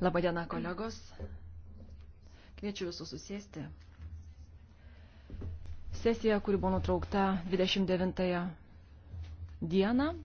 Labadiena, kolegos. Kviečiu visus susėsti. Sesija, kuri buvo nutraukta 29 dieną.